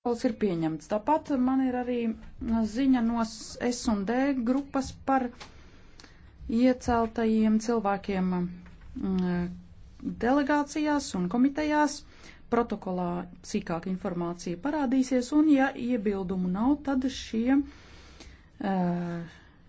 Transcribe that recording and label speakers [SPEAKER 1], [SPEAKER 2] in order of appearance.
[SPEAKER 1] Protokols ir pieņemts. Tāpat man ir arī ziņa no S&D grupas par ieceltajiem cilvēkiem mm, delegācijās un komitejās. Protokolā sīkāka informācija parādīsies, un ja iebildumu nav, tad šie uh,